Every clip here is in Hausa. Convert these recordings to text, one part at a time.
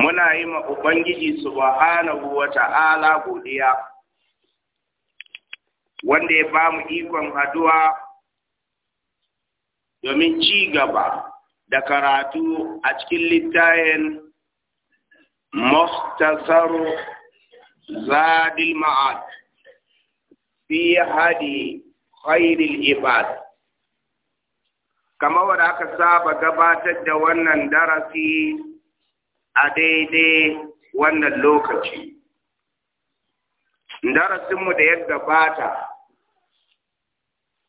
muna yi ma ubangiji subhanahu wa ta'ala godiya wanda ya ba mu ikon haduwa domin ci gaba da karatu a cikin littayen مختصر زاد المعاد في هدي خير العباد كما aka saba gabatar da wannan darasi a daidai wannan lokaci. Darasinmu da ya gabata,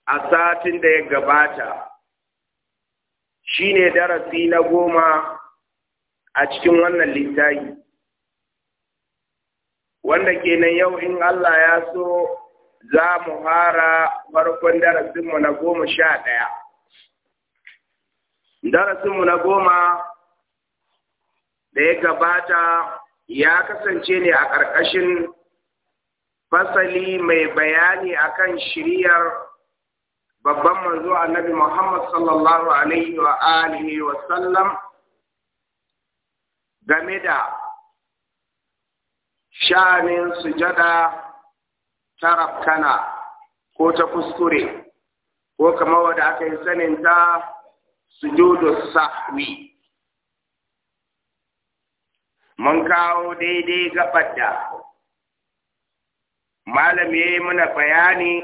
a satin da ya gabata, shi ne darasi na goma a cikin wannan littafi. Wanda kenan yau in Allah ya so za mu hara farkon darasinmu na goma sha ɗaya. Darasinmu na goma da ya gabata ya kasance ne a ƙarƙashin fasali mai bayani akan shiriyar babban manzo annabi Muhammad sallallahu alaihi wa alihi wa sallam game da sha'anin sujada ta rafkana ko ta kuskure ko kamar wadda aka yi saninta ta sujudu sahwi mun kawo daidai gabar da malam ya yi mana bayani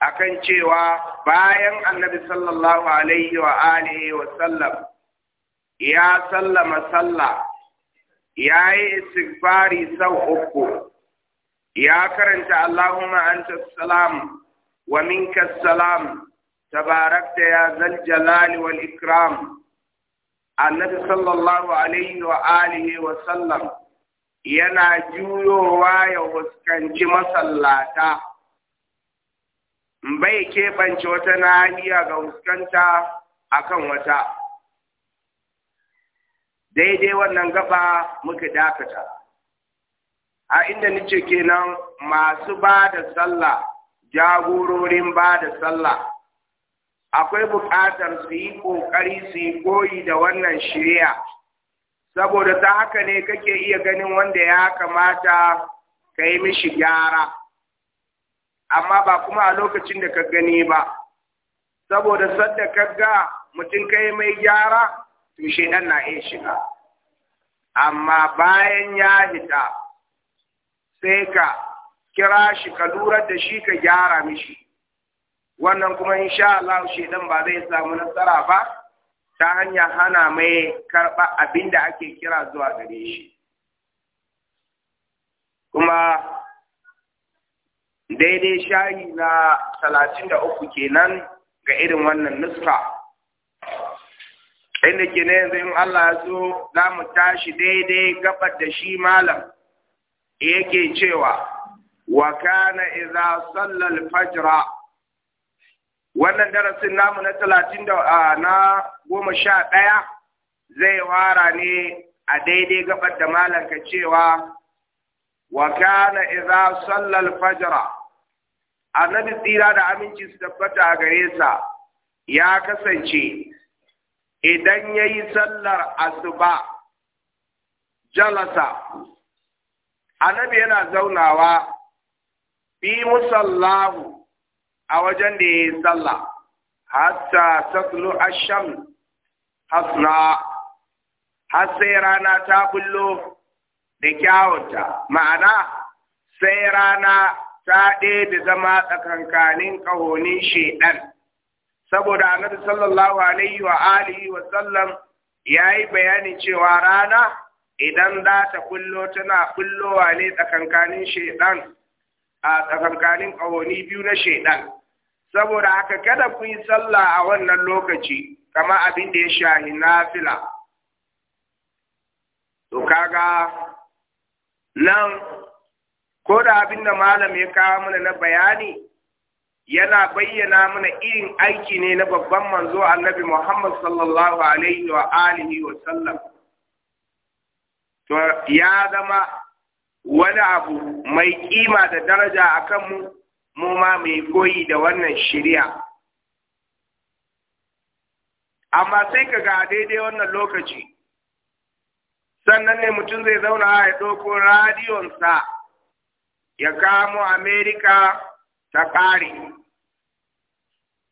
akan cewa bayan annabi sallallahu alaihi wa alihi wa sallam ya sallama sallah ya yi istighfari sau uku ya karanta Allahumma anta salam wa minka salam tabarakta ya zal jalali wal ikram annabi sallallahu alaihi wa alihi wa sallam yana juyowa ya fuskanci masallata bai keɓance wata nahiya ga fuskanta akan wata daidai wannan gaba muka dakata a inda nace kenan masu bada sallah jagororin bada sallah akwai buƙatar su yi ƙoƙari su yi koyi da wannan shirya saboda ta haka ne kake iya ganin wanda ya kamata ka yi mishi gyara amma ba kuma a lokacin da ka gani ba saboda sadda ka ga mutum ka yi mai gyara to ɗan na iya shiga amma bayan ya hita sai ka kira shi ka lura da shi ka gyara mishi wannan kuma in sha Allah dan ba zai samu nasara ba ta hanyar hana mai karɓa abinda da ake kira zuwa gare shi kuma daidai shayi na talatin da uku kenan ga irin wannan nuska inda ke ne yanzu in Allah ya zo za mu tashi daidai gabar da shi malam yake cewa wa kana idza sallal fajra wannan darasin namu na talatin da na goma sha ɗaya zai wara ne a daidai gabar da malanka cewa wa kana idza salla al-fajr annabi tsira da aminci su tabbata a gare sa ya kasance idan yayi sallar asuba jalasa annabi yana zaunawa bi musallahu a wajen da ya yi sallah hatta tatlu asham hasra har sai rana ta bullo da kyawunta ma'ana sai rana ta ɗaya da zama tsakankanin ƙahonin shaiɗan saboda annabi sallallahu alaihi wa alihi wa sallam ya yi bayanin cewa rana idan za ta kullo tana kullowa ne tsakankanin shaidan a tsakankanin ƙahoni biyu na shaidan saboda haka kada ku yi sallah a wannan lokaci kamar abin da ya shahi nafila to kaga nan ko da abin da malam ya kawo mana na bayani yana bayyana mana irin aiki ne na babban manzo annabi Muhammad sallallahu alaihi wa alihi wa sallam to ya zama wani abu mai kima da daraja akan mu mu ma mai koyi da wannan shirya amma sai ka ga daidai wannan lokaci sannan ne mutum zai zauna ya ɗauko radiyonsa ya kamo amerika ta ƙare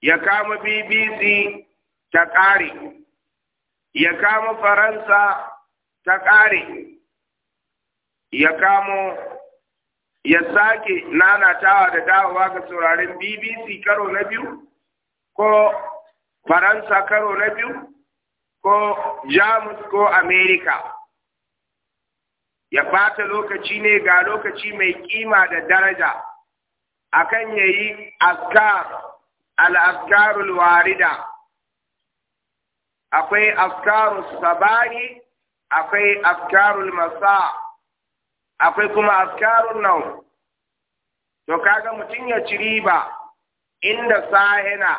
ya kamo bbc ta ƙare ya kamo faransa ta ƙare ya kamo ya sake nanatawa da dawowa ga sauraren BBC karo na biyu ko Faransa karo na biyu ko Jamus ko Amerika. Ya bata lokaci ne ga lokaci mai kima da daraja akan yayi yi al warida akwai askarul sabari akwai askarul masa' akwai kuma askarun nau to kaga mutum ya ci riba inda sahina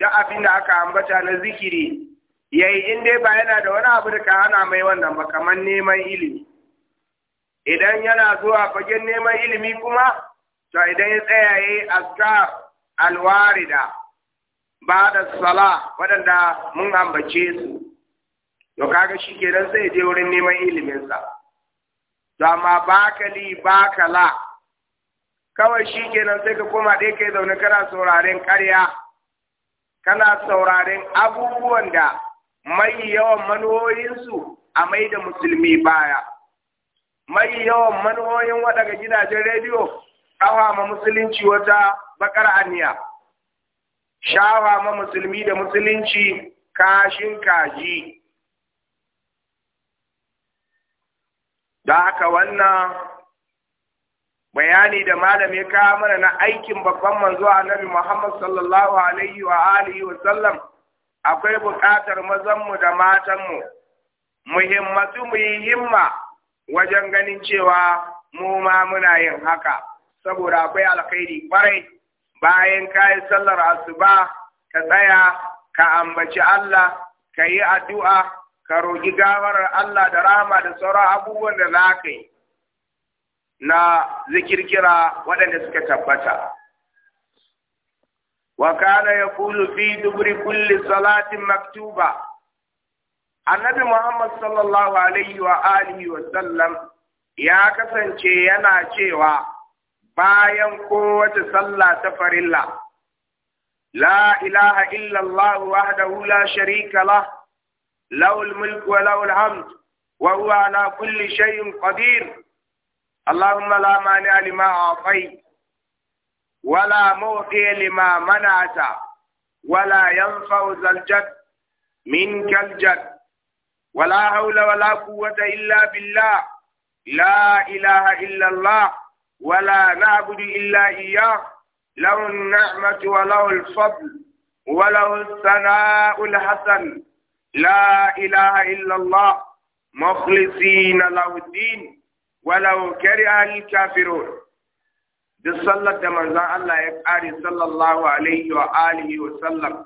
da abin da aka ambata na zikiri yayi in dai ba yana da wani abu da ka hana mai wannan ba kamar neman ilimi idan yana zuwa fagen neman ilimi kuma to idan ya tsaya yayi askar alwarida ba da sala waɗanda mun ambace su to kaga shi kenan sai je wurin neman iliminsa to amma baka li baka kawai shi kenan sai ka koma ɗaya kai zaune kana sauraren karya. kana sauraren abubuwan da mai yawan manuwoyinsu a mai da musulmi baya mai yawan manuwoyin waɗaga gidajen rediyo ɗawa ma musulunci wata bakar aniya shawa ma musulmi da musulunci kashin kaji Da haka wannan bayani da malami ka mana na aikin babban manzo annabi Muhammad sallallahu alaihi wa alihi wa sallam akwai buƙatar mazanmu da matanmu muhimmatu mu yi himma wajen ganin cewa mu ma muna yin haka saboda akwai alkhairi kwarai bayan ka sallar asuba ka tsaya ka ambaci Allah ka yi addu'a ka roƙi gawar Allah da rama da sauran abubuwan da za ka yi na zikirkira waɗanda suka tabbata. Wakana kana ya kulu fi dubri kulli salatin maktuba. Annabi Muhammad sallallahu alaihi wa alihi wa sallam ya kasance yana cewa bayan kowace sallah ta farilla. La ilaha illallah wahdahu la sharika lah له الملك وله الحمد وهو على كل شيء قدير اللهم لا مانع لما أعطيت ولا معطي لما منعت ولا ينفع ذا الجد منك الجد ولا حول ولا قوة إلا بالله لا إله إلا الله ولا نعبد إلا إياه له النعمة وله الفضل وله الثناء الحسن لا إله إلا الله مخلصين له الدين ولو كره الكافرون بصلاة من ذا الله يقاري صلى الله عليه وآله وسلم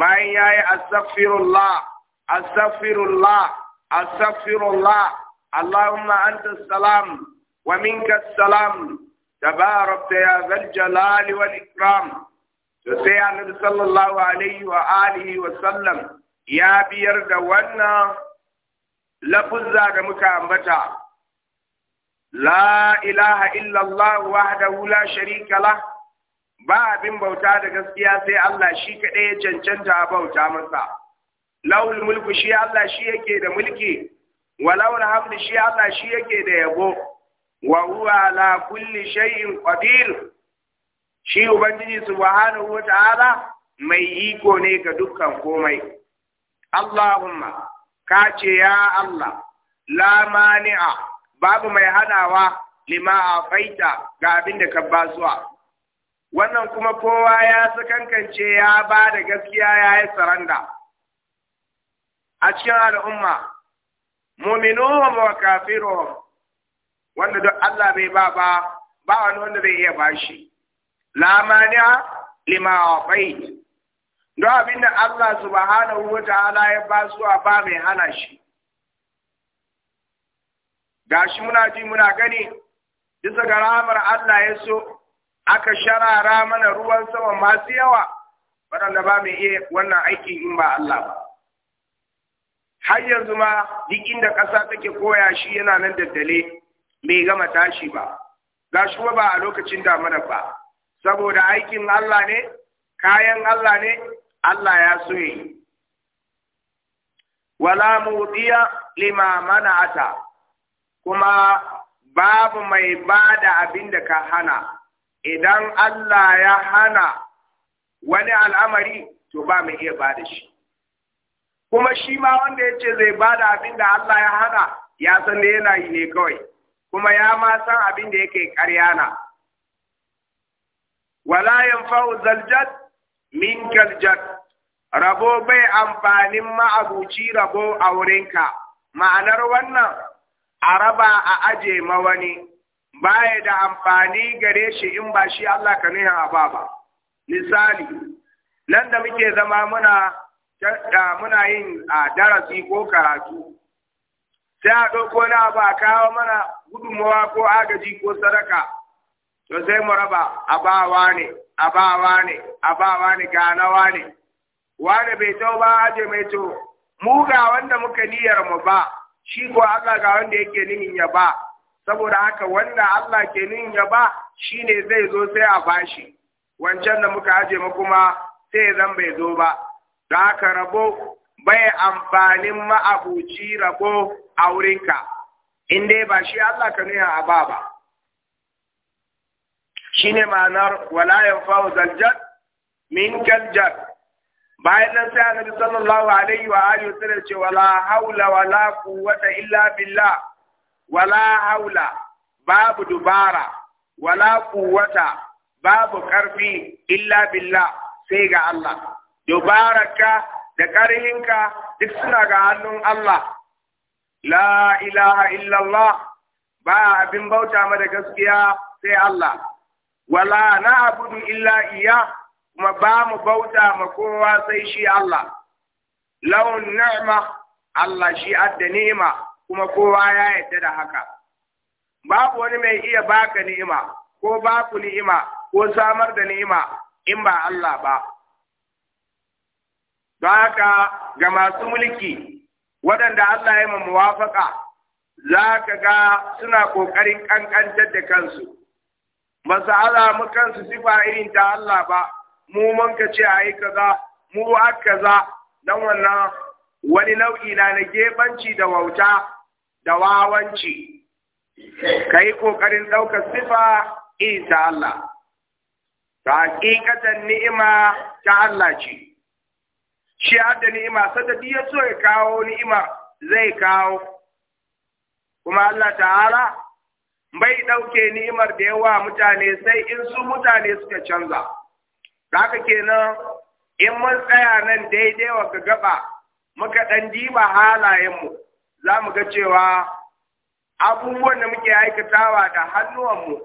ما هي أستغفر الله أستغفر الله أستغفر الله اللهم أنت السلام ومنك السلام تبارك يا ذا الجلال والإكرام تسيع النبي صلى الله عليه وآله وسلم ya biyar da wannan lafuzza da muka ambata la ilaha illallah wahdahu la sharika lah ba abin bauta da gaskiya sai Allah shi kaɗai ya cancanta bauta masa laul mulku shi Allah shi yake da mulki wa laul hamdu shi Allah shi yake da yabo wa huwa ala kulli shay'in qadir shi ubangiji subhanahu wa ta'ala mai iko ne ga dukkan komai Allahumma ka ce ya Allah la mani'a babu mai hanawa lima faita ga abin da ka ba zuwa wannan kuma kowa ya sakankance ya ba da gaskiya ya yi saranda a cikin al'umma muminuhum wa kafiruhum wanda duk Allah bai ba ba ba wani wanda zai iya bashi la mani'a lima faita don abin da Allah subhanahu wa ta'ala ya ba su a ba mai hana shi Ga shi muna ji muna gani bisa ga ramar Allah ya so aka sharara mana ruwan sama masu yawa waɗanda ba mai iya wannan aiki in ba Allah ba har yanzu ma duk inda ƙasa take koya shi yana nan daddale bai gama tashi ba ga shi ba a lokacin damuna ba saboda aikin Allah ne kayan Allah ne Allah ya so yi wala mudiya lima ata, kuma babu mai ba da abin da ka hana idan Allah ya hana wani al'amari to ba mai iya da shi kuma shi ma wanda ya ce zai ba da abin da Allah ya hana ya san da yana yi ne kawai kuma ya ma san abin da yake karya na wala yanfa'u zaljad min kaljad rabo bai amfanin ma'abuci rabo a wurinka ma'anar wannan a raba a aje mawani baya da amfani gare shi in ba shi Allah ka nuna ba ba misali nan da muke zama muna muna yin a darasi ko karatu sai a ɗauko na ba kawo mana gudunmawa ko agaji ko sadaka to sai mu raba a wa ne a wa ne a wa ne ganawa ne wanda bai tau ba aje mai to mu ga wanda muka niyyar mu ba shi ko Allah ga wanda yake nihin ya ba saboda haka wanda Allah ke nihin ya ba shine zai zo sai a bashi wancan da muka aje mu kuma sai zan bai zo ba da ka rabo bai amfanin ma'abuci rabo a wurinka in dai ba shi Allah ka nuna a ba ba shine ma'anar wala yanfa'u zaljad min kaljad bayan nan sai annabi sallallahu alaihi wa alihi wasallam ce wala haula wala quwwata illa billah wala haula babu dubara wala quwwata babu karfi illa billah sai ga Allah dubaraka da karhinka duk suna ga hannun Allah la ilaha illallah ba abin bauta ma da gaskiya sai Allah wala na abudu illa iya kuma ba mu bauta ma kowa sai shi Allah Launin ni'ma Allah shi adda ni'ima kuma kowa ya yarda da haka babu wani mai iya baka ni'ima ko baku ni'ima ko samar da ni'ima in ba Allah ba baka ga masu mulki waɗanda Allah ya ma muwafaka za ka ga suna ƙoƙarin ƙanƙantar da kansu ba su mu kansu sifa irin ta Allah ba mu mun ka ce a kaza mu wa kaza dan wannan wani nau'i na na gebanci da wauta da wawanci ka yi ƙoƙarin ɗaukar sifa isa Allah ta hakikatan ni'ima ta Allah ce shi da ni'ima sadadi ya so ya kawo ni'ima zai kawo kuma Allah ta'ala bai dauke ni'imar da yawa mutane sai in su mutane suka canza haka kenan in mun tsaya nan daidai wa ka gaba muka ɗan diba halayenmu za mu ga cewa abubuwan da muke aikatawa da hannuwanmu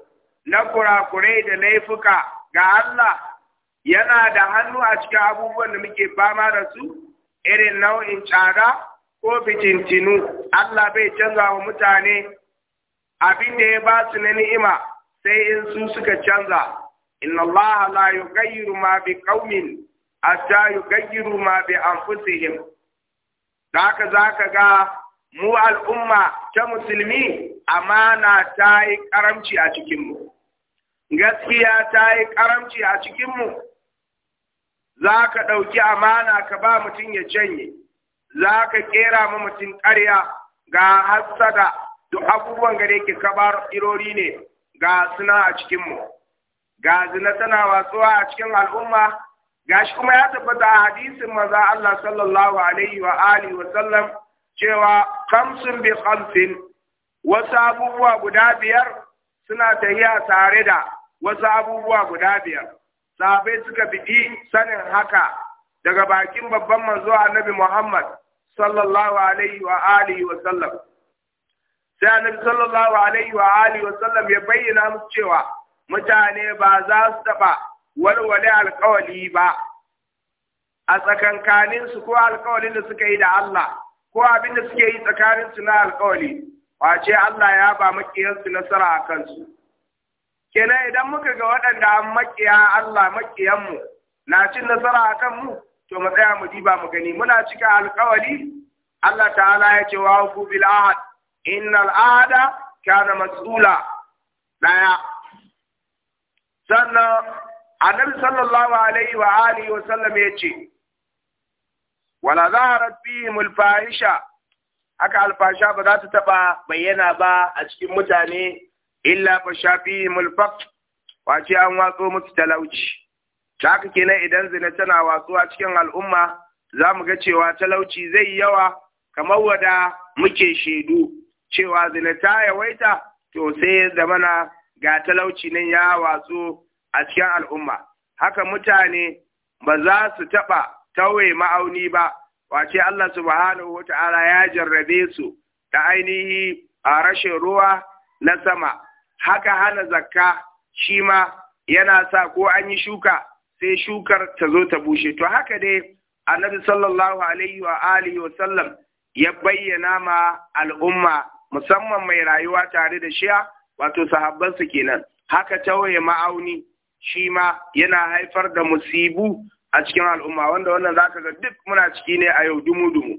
na kurakurai da laifuka ga Allah yana da hannu a cikin abubuwan da muke fama da su irin nau'in tsara ko fitintinu Allah bai canza wa mutane abin da ya ba su na ni'ima sai in su suka canza inna allaha la yughayyiru ma bi qaumin hatta yughayyiru ma bi anfusihim haka zaka ga mu al'umma ta musulmi amana ta yi karamci a cikinmu gaskiya ta yi karamci a cikinmu za ka ɗauki amana ka ba mutum ya canye za ka ƙera ma mutum ƙarya ga hassada duk abubuwan gare ke kabar irori ne ga suna a cikinmu ga zina tana watsuwa a cikin al'umma gashi kuma ya tabbata a hadisin maza Allah sallallahu alaihi wa alihi wa sallam cewa kamsun bi khamsin wasu abubuwa guda biyar suna tafiya tare da wasu abubuwa guda biyar sahabai suka fidi sanin haka daga bakin babban manzo annabi Muhammad sallallahu alaihi wa alihi wa sallam sai annabi sallallahu alaihi wa alihi wa sallam ya bayyana musu cewa mutane ba za su taɓa walwale alkawali ba a su, ko alkawalin da suka yi da Allah ko abin da suke yi tsakanin su na alkawali wace Allah ya ba su nasara a kansu kenan idan muka ga waɗanda an makiya Allah makiyanmu na cin nasara a kanmu to mu tsaya mu diba mu gani muna cika alkawali Allah ta'ala ya ce wa bil ahad innal ahada kana mas'ula daya sannan annabi sallallahu alaihi wa alihi wa sallam ya ce wala zaharat fihim alfahisha haka alfasha ba za ta taba bayyana ba a cikin mutane illa shafi fihim alfaq wace an watso musu talauci haka kenan idan zina tana a cikin al'umma za mu ga cewa talauci zai yi yawa kamar wada muke shaidu cewa zina ta yawaita to sai zamana ga talauci nan ya watsu a cikin al'umma haka mutane ba za su taɓa tauye ma'auni ba wace Allah subhanahu wa ta'ala ya jarrabe su ta ainihi a rashin ruwa na sama haka hana zakka shi ma yana sa ko an yi shuka sai shukar ta zo ta bushe to haka dai annabi sallallahu alaihi wa alihi wa sallam ya bayyana ma al'umma musamman mai rayuwa tare da shiya wato sahabbansa kenan haka tawaye ma'auni shi ma yana haifar da musibu a cikin al'umma wanda wannan zaka ga duk muna ciki ne a yau dumu dumu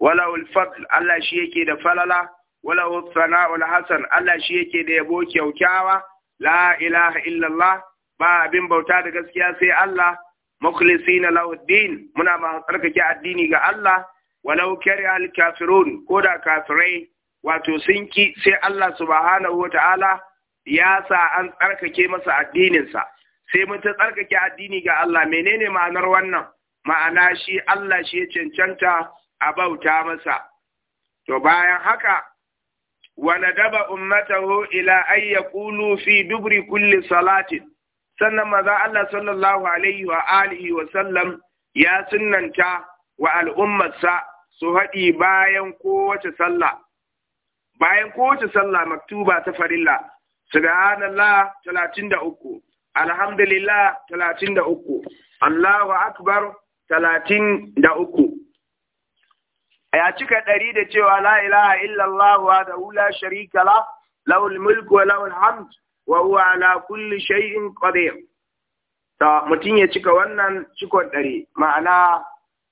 wala fadl Allah shi yake da falala wala sana'ul hasan Allah shi yake da yabo kyaukyawa la ilaha illallah ba abin bauta da gaskiya sai Allah mukhlisina lahu din muna ma tsarkake addini ga Allah walau kari al kafirun ko da kafirai wato sun ki sai Allah subhanahu wa ta'ala ya sa an tsarkake masa addininsa sai mun ta tsarkake addini ga Allah menene ma'anar wannan ma'ana shi Allah shi ya cancanta a bauta masa to bayan haka wa daba ummatahu ila ay yaqulu fi dubri kulli salatin sannan maza Allah sallallahu alaihi wa alihi wa sallam ya sunnanta wa al'ummarsa su haɗi bayan kowace sallah bayan kowace sallah maktuba ta farilla subhanallah 33 alhamdulillah 33 Allahu akbar 33 ya cika ɗari da cewa la ilaha illallah wa da la sharika la mulku wa lahul hamd wa huwa ala kulli shay'in qadir ta mutum ya cika wannan cikon ɗari ma'ana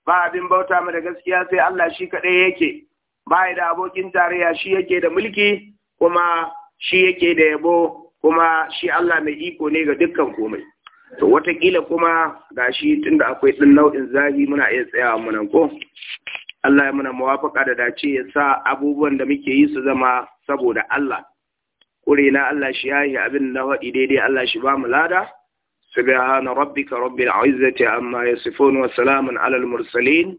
ba abin bauta mu da gaskiya sai Allah shi kaɗai yake ba da abokin tarayya shi yake da mulki kuma shi yake da yabo kuma shi Allah mai iko ne ga dukkan komai to watakila kuma ga gashi tunda akwai ɗin nau'in zahi muna iya tsayawa munan ko Allah ya muna mawafaka da dace ya sa abubuwan da muke yi su zama saboda Allah kure na Allah shi yayi abin na faɗi daidai Allah shi ba mu lada subhana rabbika rabbil izzati amma yasifun wa salamun alal mursalin